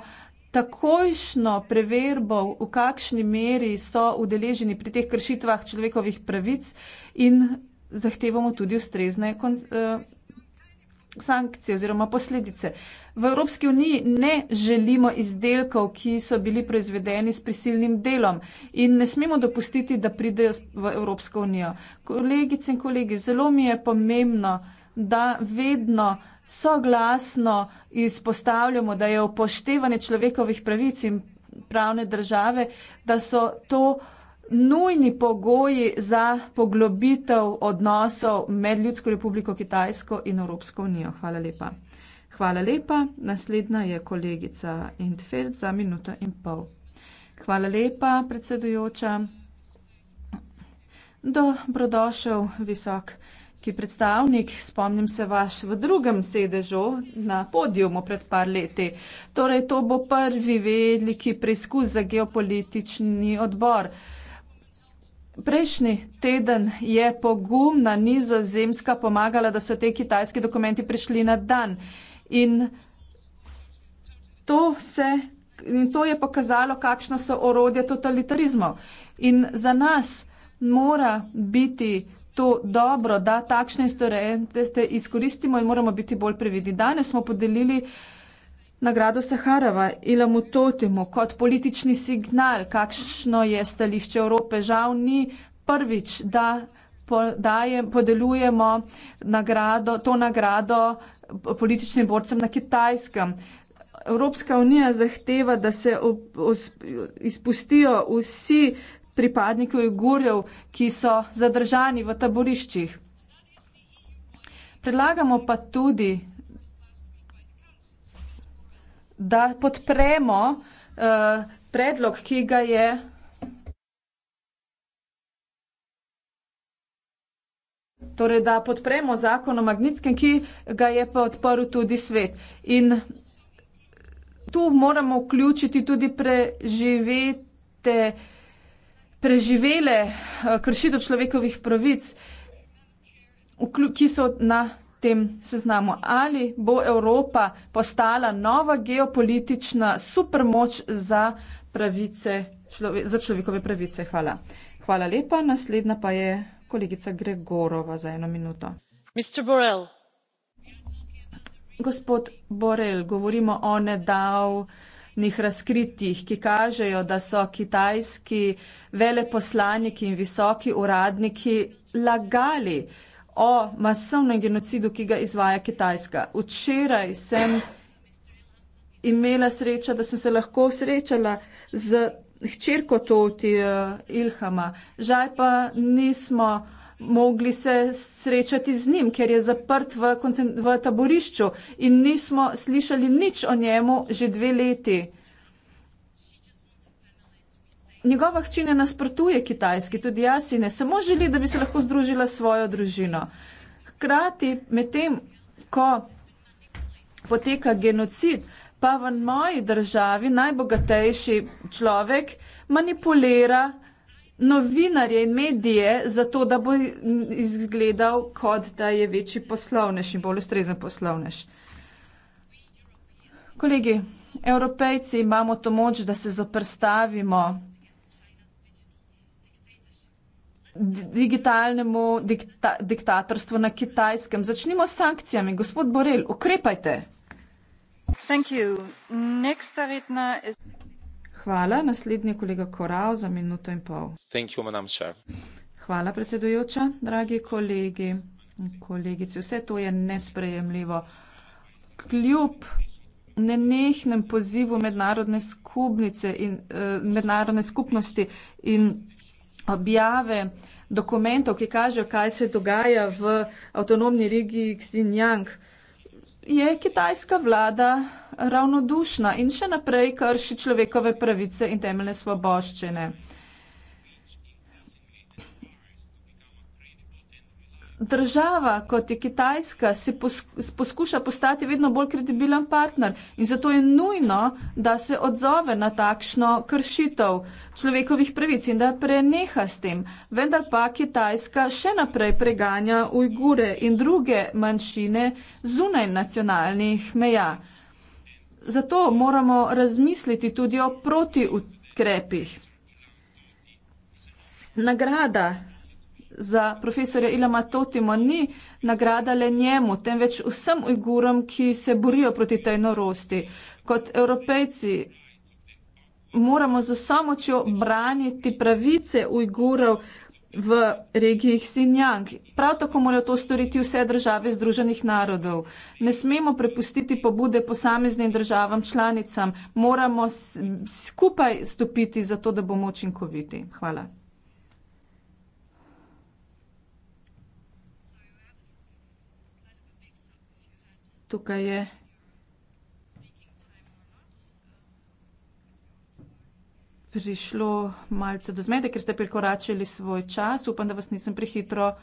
takojšno preverbo, v kakšni meri so udeleženi pri teh kršitvah človekovih pravic in zahtevamo tudi ustrezne eh, sankcije oziroma posledice. V Evropski uniji ne želimo izdelkov, ki so bili proizvedeni s prisilnim delom in ne smemo dopustiti, da pridejo v Evropsko unijo. Kolegice in kolegi, zelo mi je pomembno, da vedno soglasno izpostavljamo, da je upoštevanje človekovih pravic in pravne države, da so to nujni pogoji za poglobitev odnosov med Ljudsko republiko Kitajsko in Evropsko unijo. Hvala lepa. Hvala lepa. Naslednja je kolegica Intfeld za minuto in pol. Hvala lepa, predsedujoča. Dobrodošel, visok ki predstavnik, spomnim se vaš v drugem sedežu na podijumu pred par leti. Torej, to bo prvi veliki preizkus za geopolitični odbor. Uh, Prejšnji teden je pogumna nizozemska pomagala, da so te kitajski dokumenti prišli na dan. In to, se, in to je pokazalo, kakšno so orodje totalitarizmov. In za nas mora biti to dobro, da takšne storente izkoristimo in moramo biti bolj previdni. Danes smo podelili uh, nagrado Saharova, Ilamu Totimu, kot politični signal, kakšno je stališče Evrope. Žal ni prvič, da podelujemo to nagrado političnim borcem na Kitajskem. Evropska unija zahteva, da se izpustijo vsi pripadniki Ujgurjev, ki so zadržani v taboriščih. Predlagamo pa tudi da podpremo uh, predlog, ki ga je. Torej, da podpremo zakon o Magnitskem, ki ga je pa odprl tudi svet. In tu moramo vključiti tudi preživete, preživele eh, kršitev človekovih pravic, ki so na tem seznamu. Ali bo Evropa postala nova geopolitična supermoč za, pravice, človek, za človekove pravice? Hvala. Hvala lepa. Naslednja pa je kolegica Gregorova za eno minuto. Borel. Gospod Borel, govorimo o nedavnih razkritjih, ki kažejo, da so kitajski veleposlaniki in visoki uradniki lagali, o masovnem genocidu, ki ga izvaja Kitajska. Včeraj sem imela srečo, da sem se lahko srečala z hčerko Toti eh, Ilhama. Žal pa nismo mogli se srečati z njim, ker je zaprt v, v taborišču in nismo slišali nič o njemu že dve leti njegova hči ne nasprotuje Kitajski, tudi jaz ne, samo želi, da bi se lahko združila s svojo družino. Hkrati, medtem ko poteka genocid, pa v moji državi najbogatejši človek manipulira novinarje in medije za to, da bo izgledal, kot da je večji poslovnež in bolj ustrezen poslovnež. Kolegi, evropejci imamo to moč, da se zoprstavimo digitalnemu dikta diktatorstvu na kitajskem. Začnimo s sankcijami. Gospod Borel, ukrepajte. Hvala. Naslednji je kolega Korav za minuto in pol. Hvala, predsedujoča, dragi kolegi in kolegice. Vse to je nesprejemljivo. Kljub nenehnem pozivu mednarodne skupnice in eh, mednarodne skupnosti in objave dokumentov, ki kažejo, kaj se dogaja v avtonomni regiji Xinjiang, je kitajska vlada ravnodušna in še naprej krši človekove pravice in temeljne svoboščene. Država, kot je Kitajska, se posk poskuša postati vedno bolj kredibilen partner in zato je nujno, da se odzove na takšno kršitev človekovih pravic in da preneha s tem. Vendar pa Kitajska še naprej preganja Ujgure in druge manjšine zunaj nacionalnih meja. Zato moramo razmisliti tudi o protiukrepih. Nagrada za profesorja Ilama Totima ni nagrada le njemu, temveč vsem Ujgurom, ki se borijo proti tej norosti. Kot evropejci moramo z vso močjo braniti pravice Ujgurov v regiji Xinjiang. Prav tako morajo to storiti vse države Združenih narodov. Ne smemo prepustiti pobude posameznim državam članicam. Moramo skupaj stopiti za to, da bomo učinkoviti. Hvala. tukaj je. Prišlo malce do zmede, ker ste prekoračili svoj čas. Upam, da vas nisem prehitro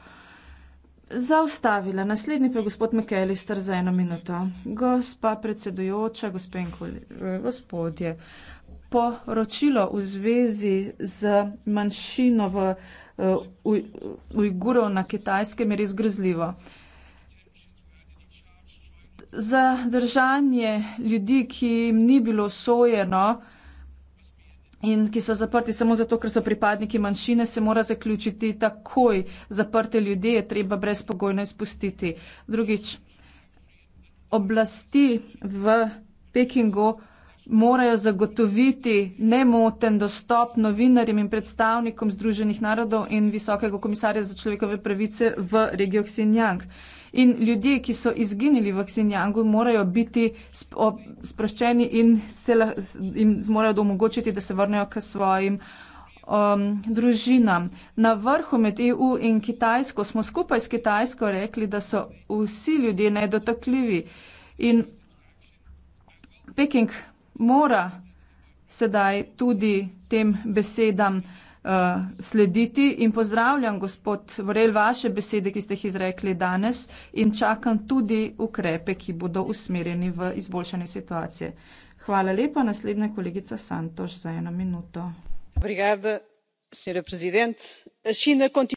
zaustavila. Naslednji pa je gospod Mekelister za eno minuto. Gospa predsedujoča, gospe in gospodje, poročilo v zvezi z manjšino v uh, Ujgurov na kitajskem je res grozljivo. Uh, Za držanje ljudi, ki jim ni bilo sojeno in ki so zaprti samo zato, ker so pripadniki manjšine, se mora zaključiti takoj. Zaprte ljudi je treba brezpogojno izpustiti. Drugič, oblasti v Pekingu morajo zagotoviti nemoten dostop novinarjem in predstavnikom Združenih narodov in Visokega komisarja za človekove pravice v regiji Xinjiang in ljudje, ki so izginili v Xinjiangu, morajo biti sproščeni in se jim morajo omogočiti, da se vrnejo k svojim. Um, družina. Na vrhu med EU in Kitajsko smo skupaj s Kitajsko rekli, da so vsi ljudje nedotakljivi in Peking mora sedaj tudi tem besedam uh, Eh, slediti in pozdravljam gospod Vorel vaše besede, ki ste jih izrekli danes in čakam tudi ukrepe, ki bodo usmerjeni v izboljšanje situacije. Hvala lepa. Naslednja kolegica Santoš za eno minuto. Obrigada, senjora prezident. Šina konti...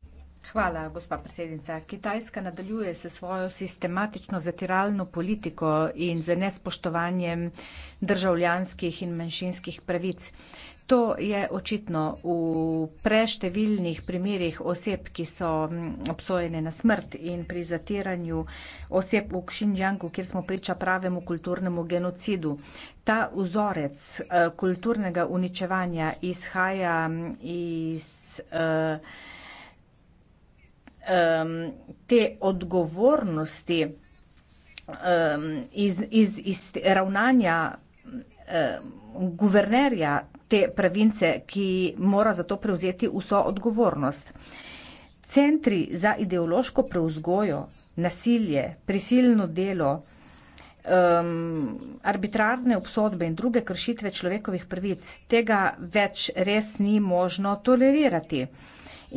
Hvala, gospa predsednica. Kitajska nadaljuje se svojo sistematično zatiralno politiko in z nespoštovanjem državljanskih in manjšinskih pravic. To je očitno v preštevilnih primerjih oseb, ki so obsojene na smrt in pri zatiranju oseb v Xinjiangu, kjer smo priča pravemu kulturnemu genocidu. Ta vzorec eh, kulturnega uničevanja izhaja iz um, te odgovornosti, um, iz, iz, iz ravnanja um, guvernerja te province, ki mora za to prevzeti vso odgovornost. Centri za ideološko preuzgojo, nasilje, prisilno delo, um, arbitrarne obsodbe in druge kršitve človekovih pravic, tega več res ni možno tolerirati.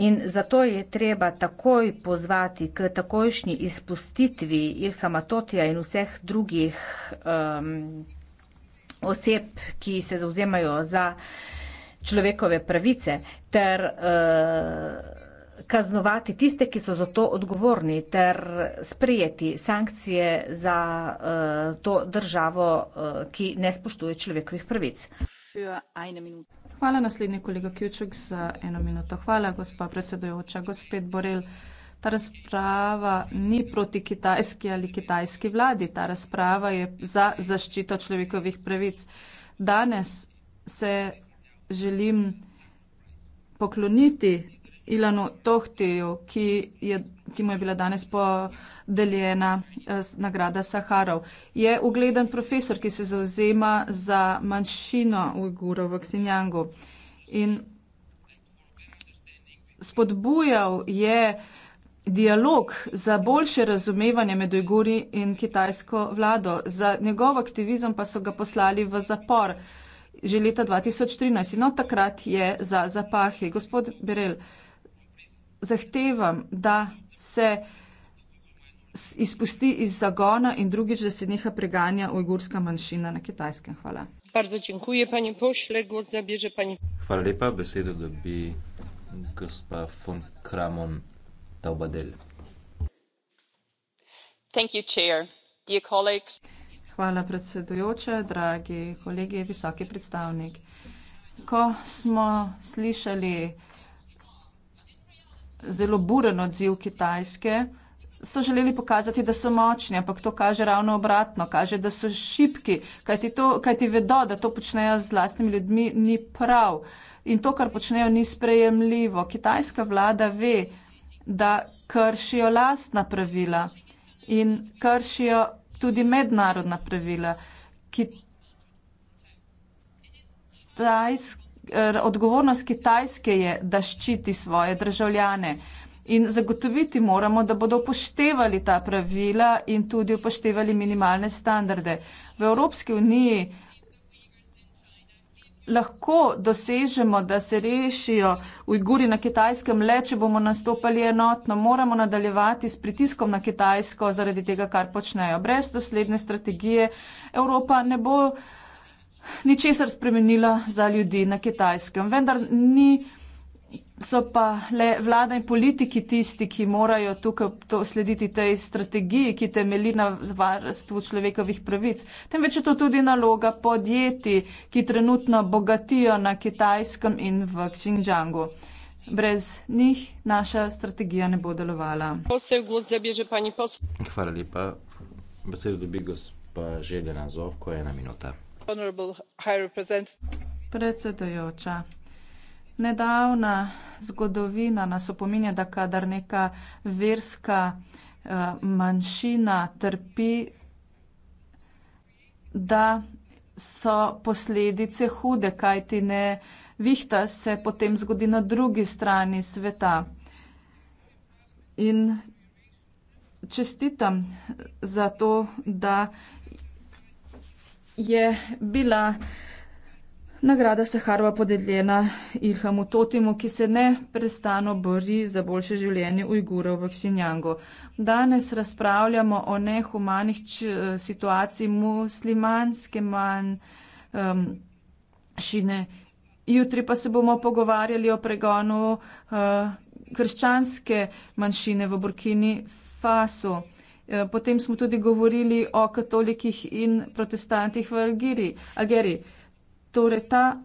In zato je treba takoj pozvati k takojšnji izpustitvi Ilhama Totija in vseh drugih um, oseb, ki se zauzemajo za človekove pravice, ter uh, kaznovati tiste, ki so za to odgovorni, ter sprejeti sankcije za uh, to državo, uh, ki ne spoštuje človekovih pravic. Hvala, naslednji kolega Kjučuk, za eno minuto. Hvala, gospa predsedujoča, gospod Borel ta razprava ni proti kitajski ali kitajski vladi, ta razprava je za zaščito človekovih pravic. Danes se želim pokloniti Ilanu Tohtiju, ki, je, ki mu je bila danes podeljena eh, nagrada Saharov. Je ugleden profesor, ki se zauzema za manjšino Ujgurov v Xinjiangu in spodbujal je eh, dialog za boljše razumevanje med Ujguri in kitajsko vlado. Za njegov aktivizem pa so ga poslali v zapor že leta 2013 in od takrat je za zapahi. Gospod Berel, zahtevam, da se izpusti iz zagona in drugič, da se neha preganja ujgurska manjšina na kitajskem. Hvala. Hvala lepa, besedo dobi gospa von Kramon taubadel. Hvala, predsedujoča, dragi kolegi, visoki predstavnik. Ko smo slišali zelo buren odziv Kitajske, so želeli pokazati, da so močni, ampak to kaže ravno obratno, kaže, da so šibki, kajti to, kajti vedo, da to počnejo z lastnimi ljudmi, ni prav. In to, kar počnejo, ni sprejemljivo. Kitajska vlada ve, da kršijo lastna pravila in kršijo tudi mednarodna pravila. Kitajsk, eh, odgovornost Kitajske je, da ščiti svoje državljane. In zagotoviti moramo, da bodo upoštevali ta pravila in tudi upoštevali minimalne standarde. V Evropski uniji lahko dosežemo, da se rešijo Ujguri na kitajskem le, če bomo nastopali enotno. Moramo nadaljevati s pritiskom na kitajsko zaradi tega, kar počnejo. Brez dosledne strategije Evropa ne bo ničesar spremenila za ljudi na kitajskem. Vendar ni so pa le vlada in politiki tisti, ki morajo tukaj to slediti tej strategiji, ki temelji na varstvu človekovih pravic. Temveč je to tudi naloga podjetij, ki trenutno bogatijo na Kitajskem in v Xinjiangu. Brez njih naša strategija ne bo delovala. Hvala lepa. Besedo dobi gospa Željena Zovko, ena minuta. Predsedujoča. Nedavna zgodovina nas opominja, da kadar neka verska eh, manjšina trpi, da so posledice hude, kajti ne vihta se potem zgodi na drugi strani sveta. In čestitam za to, da je bila Nagrada Saharova podeljena Ilhamu Totimu, ki se ne prestano bori za boljše življenje Ujgurov v Xinjiangu. Danes razpravljamo o nehumanih eh, situacijah muslimanske manjšine. Um, Jutri pa se bomo pogovarjali o pregonu uh, krščanske manjšine v Burkini Faso. Eh, potem smo tudi govorili o katolikih in protestantih v Algeriji. Torej, ta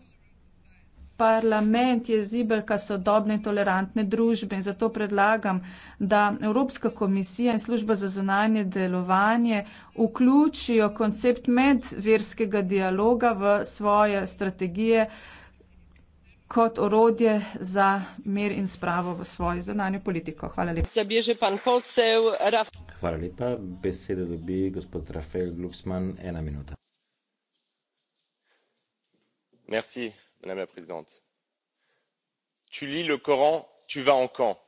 parlament je zibelka sodobne in tolerantne družbe in zato predlagam, da Evropska komisija in služba za zunanje delovanje vključijo koncept medverskega dialoga v svoje strategije kot orodje za mir in spravo v svojo zunanjo politiko. Hvala lepa. Hvala lepa. Besedo dobi gospod Rafael Glucksmann, ena minuta madame la présidente tu lis le coran tu vas en camp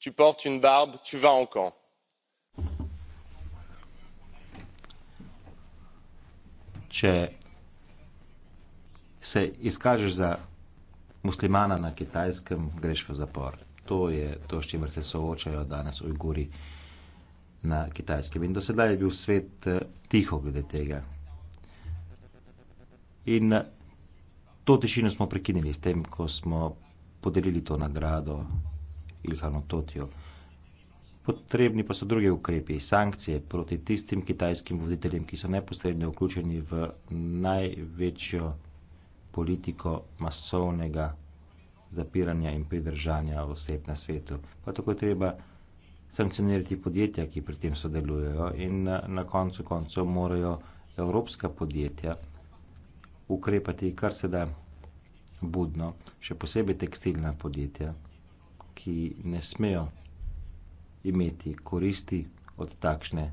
tu portes une barbe tu vas en camp če se izkažeš za muslimana na kitajskem greš v zapor to je to s čimer se soočajo danes ujguri na kitajskem in do sedaj je bil svet eh, tiho glede tega In eh, to tišino smo prekinili s tem, ko smo podelili to nagrado Ilhanu Totiju. Potrebni pa so druge ukrepi, sankcije proti tistim kitajskim voditeljem, ki so neposredno vključeni v največjo politiko masovnega zapiranja in pridržanja oseb na svetu. Pa tako je treba sankcionirati podjetja, ki pri tem sodelujejo in eh, na koncu koncev morajo evropska podjetja ukrepati kar se da budno, še posebej tekstilna podjetja, ki ne smejo imeti koristi od takšne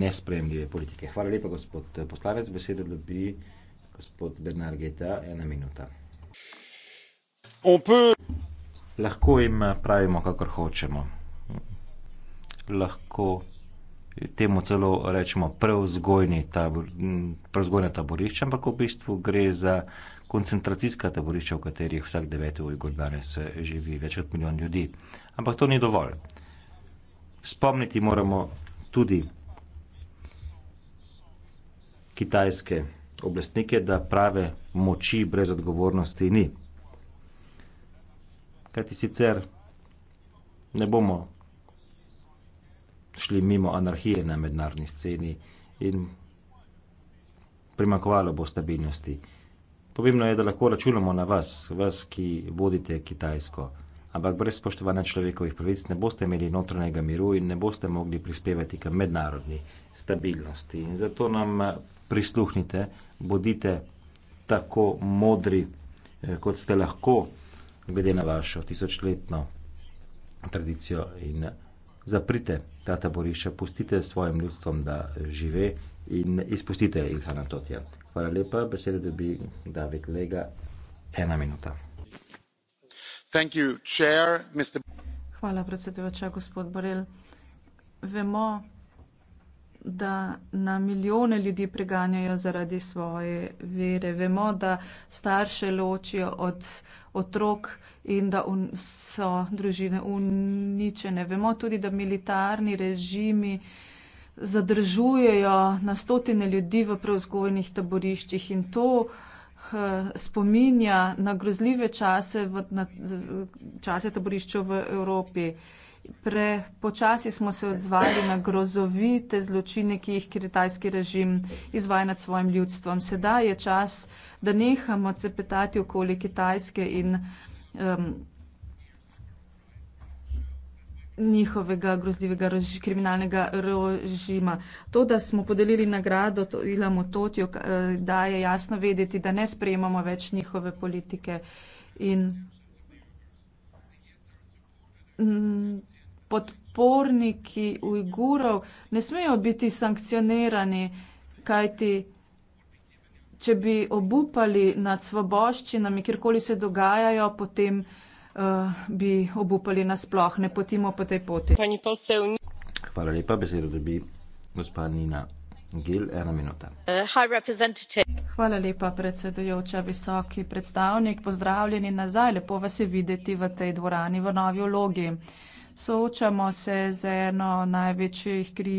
nespremljive politike. Hvala lepa, gospod poslanec. Besedo dobi gospod Bernard Geta, ena minuta. Lahko jim pravimo, kakor hočemo. Lahko temu celo rečemo prevzgojna taborišča, ampak v bistvu gre za koncentracijska taborišča, v katerih vsak deveti ujgur danes eh, živi več kot milijon ljudi. Ampak to ni dovolj. Spomniti moramo tudi kitajske oblastnike, da prave moči brez odgovornosti ni. Kajti sicer ne bomo šli mimo anarhije na mednarodni sceni in primakovalo bo stabilnosti. Pomembno je, da lahko računamo na vas, vas, ki vodite Kitajsko. Ampak brez spoštovanja človekovih pravic ne boste imeli notranjega miru in ne boste mogli prispevati k mednarodni stabilnosti. In zato nam eh, prisluhnite, bodite tako modri, eh, kot ste lahko, glede na vašo tisočletno tradicijo in zaprite ta taborišča, pustite svojim ljudstvom, da žive in izpustite Ilhana Totja. Hvala lepa, besedo dobi David Lega, ena minuta. Thank you, chair, Mr. Hvala, predsedujoča, gospod Borel. Vemo, da na milijone ljudi preganjajo zaradi svoje vere. Vemo, da starše ločijo od otrok, in da un, so družine uničene. Vemo tudi, da militarni režimi zadržujejo na stotine ljudi v prevzgojnih taboriščih in to uh, spominja na grozljive čase, v, na, čase taborišča v Evropi. Prepočasi smo se odzvali na grozovite zločine, ki jih kiritajski režim izvaja nad svojim ljudstvom. Sedaj je čas, da nehamo cepetati okoli Kitajske in um, njihovega grozljivega rož, kriminalnega režima. To, da smo podelili nagrado to, Ilamu Totju, eh, daje jasno vedeti, da ne sprejemamo več njihove politike. In mm, podporniki Ujgurov ne smejo biti sankcionirani, kajti če bi obupali nad svoboščinami, kjerkoli se dogajajo, potem uh, bi obupali nasploh, ne potimo po tej poti. Hvala lepa, besedo dobi gospa Nina Gil, ena minuta. Eh, Hvala lepa, predsedujoča, visoki predstavnik, pozdravljeni nazaj, lepo vas je videti v tej dvorani v novi vlogi. Soočamo se z eno največjih kriz.